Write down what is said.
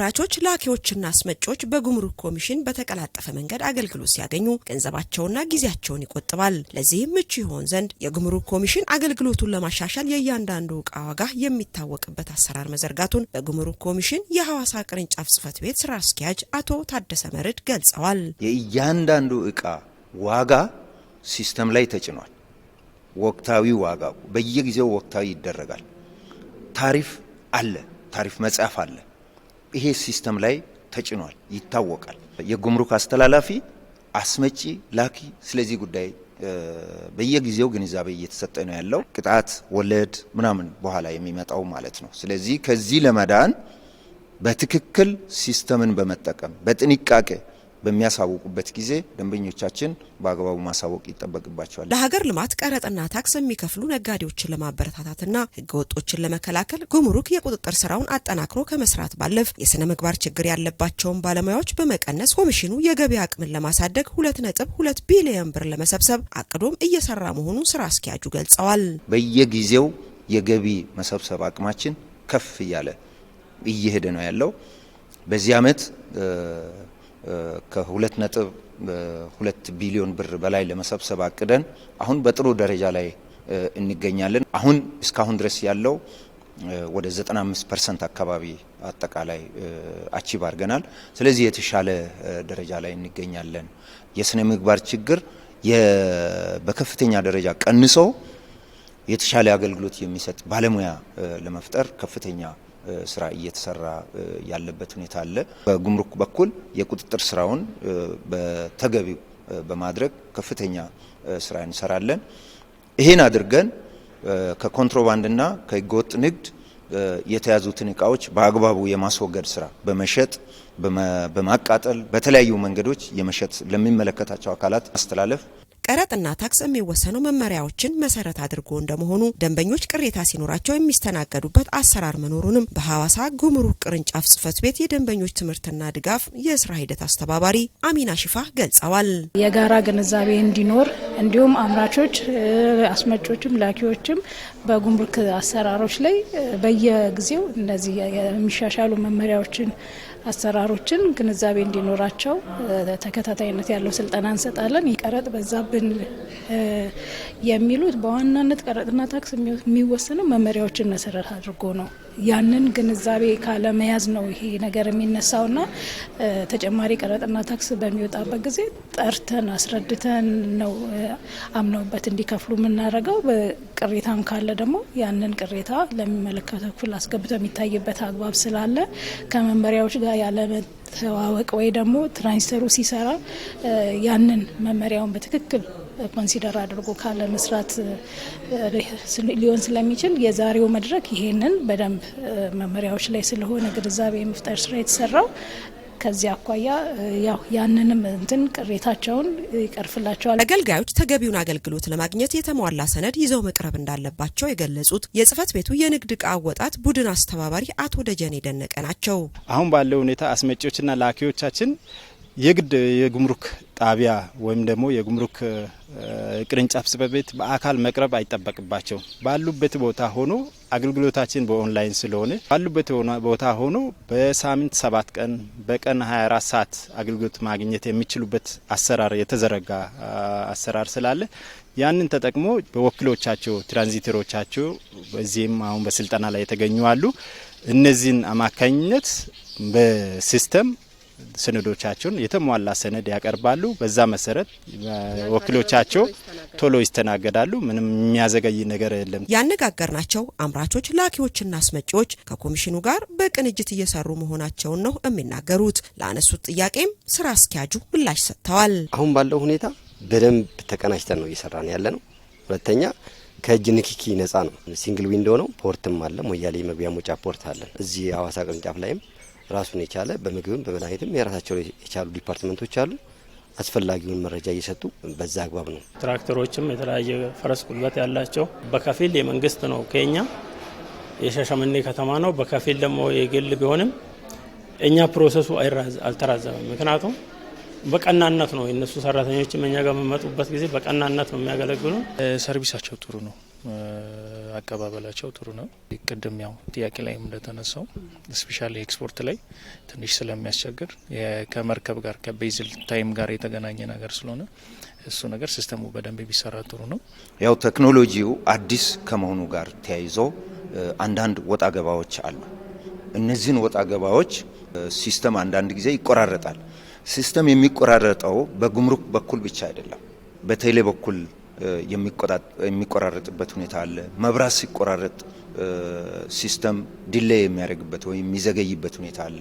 አምራቾች፣ ላኪዎችና አስመጪዎች በጉምሩክ ኮሚሽን በተቀላጠፈ መንገድ አገልግሎት ሲያገኙ ገንዘባቸውና ጊዜያቸውን ይቆጥባል። ለዚህም ምቹ ይሆን ዘንድ የጉምሩክ ኮሚሽን አገልግሎቱን ለማሻሻል የእያንዳንዱ ዕቃ ዋጋ የሚታወቅበት አሰራር መዘርጋቱን በጉምሩክ ኮሚሽን የሐዋሳ ቅርንጫፍ ጽህፈት ቤት ስራ አስኪያጅ አቶ ታደሰ መርድ ገልጸዋል። የእያንዳንዱ ዕቃ ዋጋ ሲስተም ላይ ተጭኗል። ወቅታዊ ዋጋ በየጊዜው ወቅታዊ ይደረጋል። ታሪፍ አለ። ታሪፍ መጽሐፍ አለ። ይሄ ሲስተም ላይ ተጭኗል፣ ይታወቃል። የጉምሩክ አስተላላፊ፣ አስመጪ፣ ላኪ ስለዚህ ጉዳይ በየጊዜው ግንዛቤ እየተሰጠ ነው ያለው። ቅጣት ወለድ ምናምን በኋላ የሚመጣው ማለት ነው። ስለዚህ ከዚህ ለመዳን በትክክል ሲስተምን በመጠቀም በጥንቃቄ በሚያሳውቁበት ጊዜ ደንበኞቻችን በአግባቡ ማሳወቅ ይጠበቅባቸዋል። ለሀገር ልማት ቀረጥና ታክስ የሚከፍሉ ነጋዴዎችን ለማበረታታትና ህገወጦችን ለመከላከል ጉምሩክ የቁጥጥር ስራውን አጠናክሮ ከመስራት ባለፍ የስነ ምግባር ችግር ያለባቸውን ባለሙያዎች በመቀነስ ኮሚሽኑ የገቢ አቅምን ለማሳደግ ሁለት ነጥብ ሁለት ቢሊዮን ብር ለመሰብሰብ አቅዶም እየሰራ መሆኑን ስራ አስኪያጁ ገልጸዋል። በየጊዜው የገቢ መሰብሰብ አቅማችን ከፍ እያለ እየሄደ ነው ያለው በዚህ አመት ከሁለት ነጥብ ሁለት ቢሊዮን ብር በላይ ለመሰብሰብ አቅደን አሁን በጥሩ ደረጃ ላይ እንገኛለን። አሁን እስካሁን ድረስ ያለው ወደ 95 ፐርሰንት አካባቢ አጠቃላይ አቺቭ አድርገናል። ስለዚህ የተሻለ ደረጃ ላይ እንገኛለን። የስነ ምግባር ችግር በከፍተኛ ደረጃ ቀንሰው። የተሻለ አገልግሎት የሚሰጥ ባለሙያ ለመፍጠር ከፍተኛ ስራ እየተሰራ ያለበት ሁኔታ አለ። በጉምሩክ በኩል የቁጥጥር ስራውን በተገቢው በማድረግ ከፍተኛ ስራ እንሰራለን። ይህን አድርገን ከኮንትሮባንድና ከህገወጥ ንግድ የተያዙትን እቃዎች በአግባቡ የማስወገድ ስራ በመሸጥ በማቃጠል፣ በተለያዩ መንገዶች የመሸጥ ለሚመለከታቸው አካላት አስተላለፍ። ቀረጥና ታክስ የሚወሰነው መመሪያዎችን መሰረት አድርጎ እንደመሆኑ ደንበኞች ቅሬታ ሲኖራቸው የሚስተናገዱበት አሰራር መኖሩንም በሐዋሳ ጉምሩክ ቅርንጫፍ ጽህፈት ቤት የደንበኞች ትምህርትና ድጋፍ የስራ ሂደት አስተባባሪ አሚና ሽፋ ገልጸዋል። የጋራ ግንዛቤ እንዲኖር እንዲሁም አምራቾች፣ አስመጮችም ላኪዎችም በጉምሩክ አሰራሮች ላይ በየጊዜው እነዚህ የሚሻሻሉ መመሪያዎችን አሰራሮችን ግንዛቤ እንዲኖራቸው ተከታታይነት ያለው ስልጠና እንሰጣለን። ይቀረጥ በዛብን አለብን የሚሉት በዋናነት ቀረጥና ታክስ የሚወሰነው መመሪያዎችን መሰረት አድርጎ ነው። ያንን ግንዛቤ ካለመያዝ ነው ይሄ ነገር የሚነሳው ና ተጨማሪ ቀረጥና ታክስ በሚወጣበት ጊዜ ጠርተን አስረድተን ነው አምነውበት እንዲከፍሉ የምናደርገው። ቅሬታም ካለ ደግሞ ያንን ቅሬታ ለሚመለከተው ክፍል አስገብተው የሚታይበት አግባብ ስላለ ከመመሪያዎች ጋር ያለመ ተዋወቅ ወይ ደግሞ ትራንስተሩ ሲሰራ ያንን መመሪያውን በትክክል ኮንሲደር አድርጎ ካለ መስራት ሊሆን ስለሚችል የዛሬው መድረክ ይሄንን በደንብ መመሪያዎች ላይ ስለሆነ ግንዛቤ የመፍጠር ስራ የተሰራው ከዚያ አኳያ ያው ያንንም እንትን ቅሬታቸውን ይቀርፍላቸዋል። አገልጋዮች ተገቢውን አገልግሎት ለማግኘት የተሟላ ሰነድ ይዘው መቅረብ እንዳለባቸው የገለጹት የጽህፈት ቤቱ የንግድ እቃ አወጣት ቡድን አስተባባሪ አቶ ደጀኔ ደነቀ ናቸው። አሁን ባለው ሁኔታ አስመጪዎችና ላኪዎቻችን የግድ የጉምሩክ ጣቢያ ወይም ደግሞ የጉምሩክ ቅርንጫፍ ጽህፈት ቤት በአካል መቅረብ አይጠበቅባቸው ባሉበት ቦታ ሆኖ አገልግሎታችን በኦንላይን ስለሆነ ባሉበት ቦታ ሆኖ በሳምንት ሰባት ቀን በቀን 24 ሰዓት አገልግሎት ማግኘት የሚችሉበት አሰራር የተዘረጋ አሰራር ስላለ ያንን ተጠቅሞ በወኪሎቻቸው ትራንዚተሮቻቸው በዚህም አሁን በስልጠና ላይ የተገኙ አሉ። እነዚህን አማካኝነት በሲስተም ሰነዶቻቸውን የተሟላ ሰነድ ያቀርባሉ። በዛ መሰረት ወኪሎቻቸው ቶሎ ይስተናገዳሉ። ምንም የሚያዘገይ ነገር የለም። ያነጋገርናቸው አምራቾች፣ ላኪዎችና አስመጪዎች ከኮሚሽኑ ጋር በቅንጅት እየሰሩ መሆናቸውን ነው የሚናገሩት። ለአነሱት ጥያቄም ስራ አስኪያጁ ምላሽ ሰጥተዋል። አሁን ባለው ሁኔታ በደንብ ተቀናጅተን ነው እየሰራ ያለ ነው። ሁለተኛ ከእጅ ንክኪ ነጻ ነው። ሲንግል ዊንዶ ነው። ፖርትም አለ። ሞያሌ መግቢያ መውጫ ፖርት አለን። እዚህ ሀዋሳ ቅርንጫፍ ላይም ራሱን የቻለ በምግብም በመድኃኒትም የራሳቸው የቻሉ ዲፓርትመንቶች አሉ። አስፈላጊውን መረጃ እየሰጡ በዛ አግባብ ነው። ትራክተሮችም የተለያየ ፈረስ ጉልበት ያላቸው በከፊል የመንግስት ነው ከኛ የሻሸመኔ ከተማ ነው፣ በከፊል ደግሞ የግል ቢሆንም እኛ ፕሮሰሱ አልተራዘመም። ምክንያቱም በቀናነት ነው የነሱ ሰራተኞችም እኛ ጋር በመጡበት ጊዜ በቀናነት ነው የሚያገለግሉ። ሰርቪሳቸው ጥሩ ነው። አቀባበላቸው ጥሩ ነው። ቅድም ያው ጥያቄ ላይ እንደተነሳው ስፔሻሊ ኤክስፖርት ላይ ትንሽ ስለሚያስቸግር ከመርከብ ጋር ከቤዝል ታይም ጋር የተገናኘ ነገር ስለሆነ እሱ ነገር ሲስተሙ በደንብ ቢሰራ ጥሩ ነው። ያው ቴክኖሎጂው አዲስ ከመሆኑ ጋር ተያይዞ አንዳንድ ወጣ ገባዎች አሉ። እነዚህን ወጣ ገባዎች ሲስተም አንዳንድ ጊዜ ይቆራረጣል። ሲስተም የሚቆራረጠው በጉምሩክ በኩል ብቻ አይደለም፣ በቴሌ በኩል የሚቆራረጥበት ሁኔታ አለ። መብራት ሲቆራረጥ ሲስተም ዲሌይ የሚያደርግበት ወይም የሚዘገይበት ሁኔታ አለ።